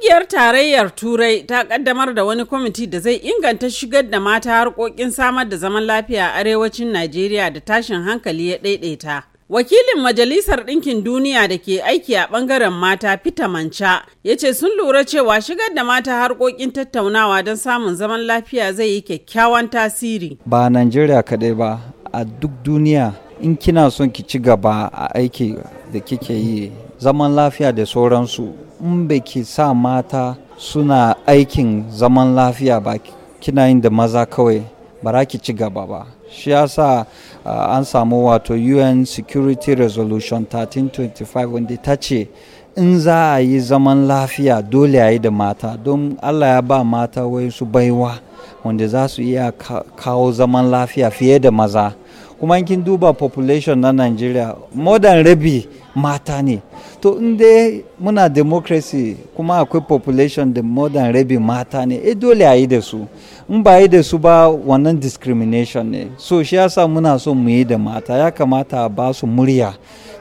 Ƙungiyar Tarayyar Turai ta ƙaddamar da wani kwamiti da zai inganta shigar da mata harkokin samar da zaman lafiya a arewacin Najeriya da tashin hankali ya ɗaiɗaita. Wakilin Majalisar Ɗinkin Duniya da ke aiki a ɓangaren mata fita Manca ya ce sun lura cewa shigar da mata harkokin tattaunawa don samun zaman lafiya zai yi kyakkyawan tasiri. Ba Najeriya kaɗai ba, a duk duniya in kina son ki ci gaba a aiki da kike yi zaman lafiya da sauransu in baki sa mata suna aikin zaman lafiya ba kina yin da maza kawai ba ki ci gaba ba shi ya sa an samu wato un security resolution 1325 wanda ta ce in za a yi zaman lafiya dole a yi da mata don allah ya ba mata wai su baiwa wanda za su iya kawo zaman lafiya fiye da maza kuma kin duba population na nigeria more than rabi mata ne to in dai muna democracy kuma akwai population da more than rabi mata ne e dole a yi da su in ba yi da su ba wannan discrimination ne so shi yasa muna so mu yi da mata ya kamata ba su murya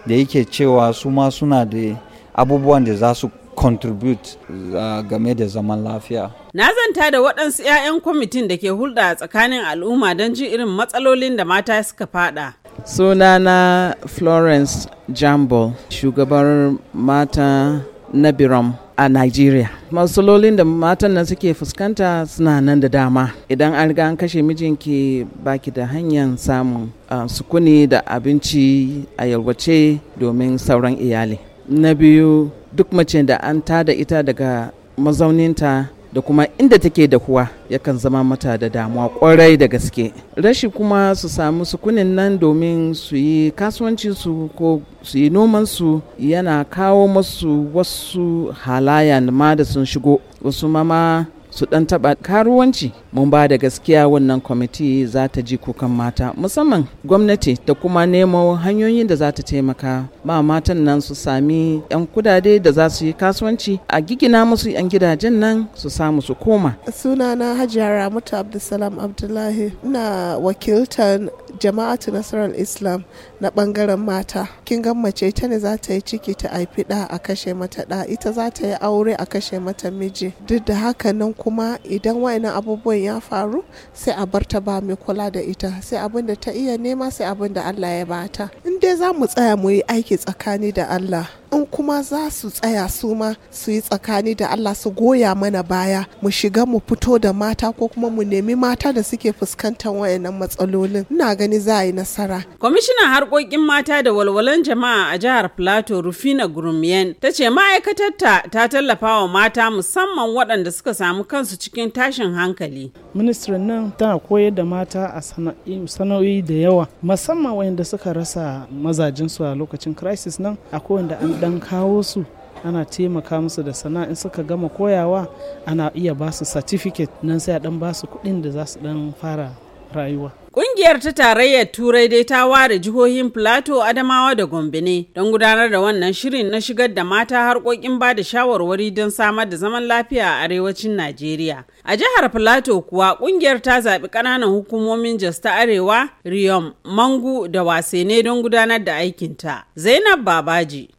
da yake cewa su ma suna da abubuwan da za su contribute uh, game da zaman lafiya. Na zanta da waɗansu 'ya'yan kwamitin da ke hulɗa a tsakanin al'umma don ji irin matsalolin da mata suka fada. Sunana Florence Jambol, shugabar mata na Biram a Nigeria. Matsalolin da matan nan suke fuskanta suna nan da dama. Idan an riga an kashe mijinki baki da hanyar samun uh, sukuni da abinci a yalwace domin sauran iyali. Na biyu duk mace da an ta da ita daga mazauninta da kuma inda take da kuwa yakan zama mata da damuwa kwarai da gaske rashi kuma su samu sukunin nan domin su yi kasuwancinsu ko su yi nomansu yana kawo masu wasu halayen ma da sun shigo wasu mama su dan taba karuwanci mun ba da gaskiya wannan kwamiti za ta ji kukan mata musamman gwamnati da kuma nemo hanyoyin da za ta taimaka ba matan nan su sami yan kudade da za su yi kasuwanci a gigina musu yan gidajen nan su samu su koma sunana hajiya ramatu abdulsalam abdullahi ina wakiltar jama'atu nasarar islam na bangaren mata kin gan mace ta ne za ta yi ciki ta haifi ɗa a kashe mata ɗa ita za ta yi aure a kashe mata miji duk da haka nan kuma idan wayannan abubuwan ya faru sai a bar ta ba mai kula da ita sai abin da ta iya nema sai abin da allah ya bata in dai za mu tsaya mu yi aiki tsakani da allah in kuma za su tsaya su ma su yi tsakani da Allah su goya mana baya mu shiga mu fito da mata ko kuma mu nemi mata da suke fuskantar wayannan matsalolin ina gani za a yi nasara kwamishinan harkokin mata da walwalan jama'a a jihar plato rufina gurumiyan ta ce ma'aikatar ta ta tallafa wa mata musamman waɗanda suka samu kansu cikin tashin hankali ministrin nan tana koyar da mata a sana'o'i da yawa musamman wayanda suka rasa mazajinsu a lokacin crisis nan akwai wanda an dan kawo su ana taimaka musu da sana'a in suka gama koyawa ana iya ba su certificate nan sai a dan ba su kuɗin da za su dan fara rayuwa. Ƙungiyar ta tarayyar Turai dai ta ware jihohin Plateau, Adamawa da Gombe ne don gudanar da wannan shirin na shigar da mata harkokin ba da shawarwari don samar da zaman lafiya a arewacin Najeriya. A jihar Plateau kuwa ƙungiyar ta zaɓi ƙananan hukumomin Jos ta Arewa, Riyom, Mangu da Wasene don gudanar da aikinta. Zainab Babaji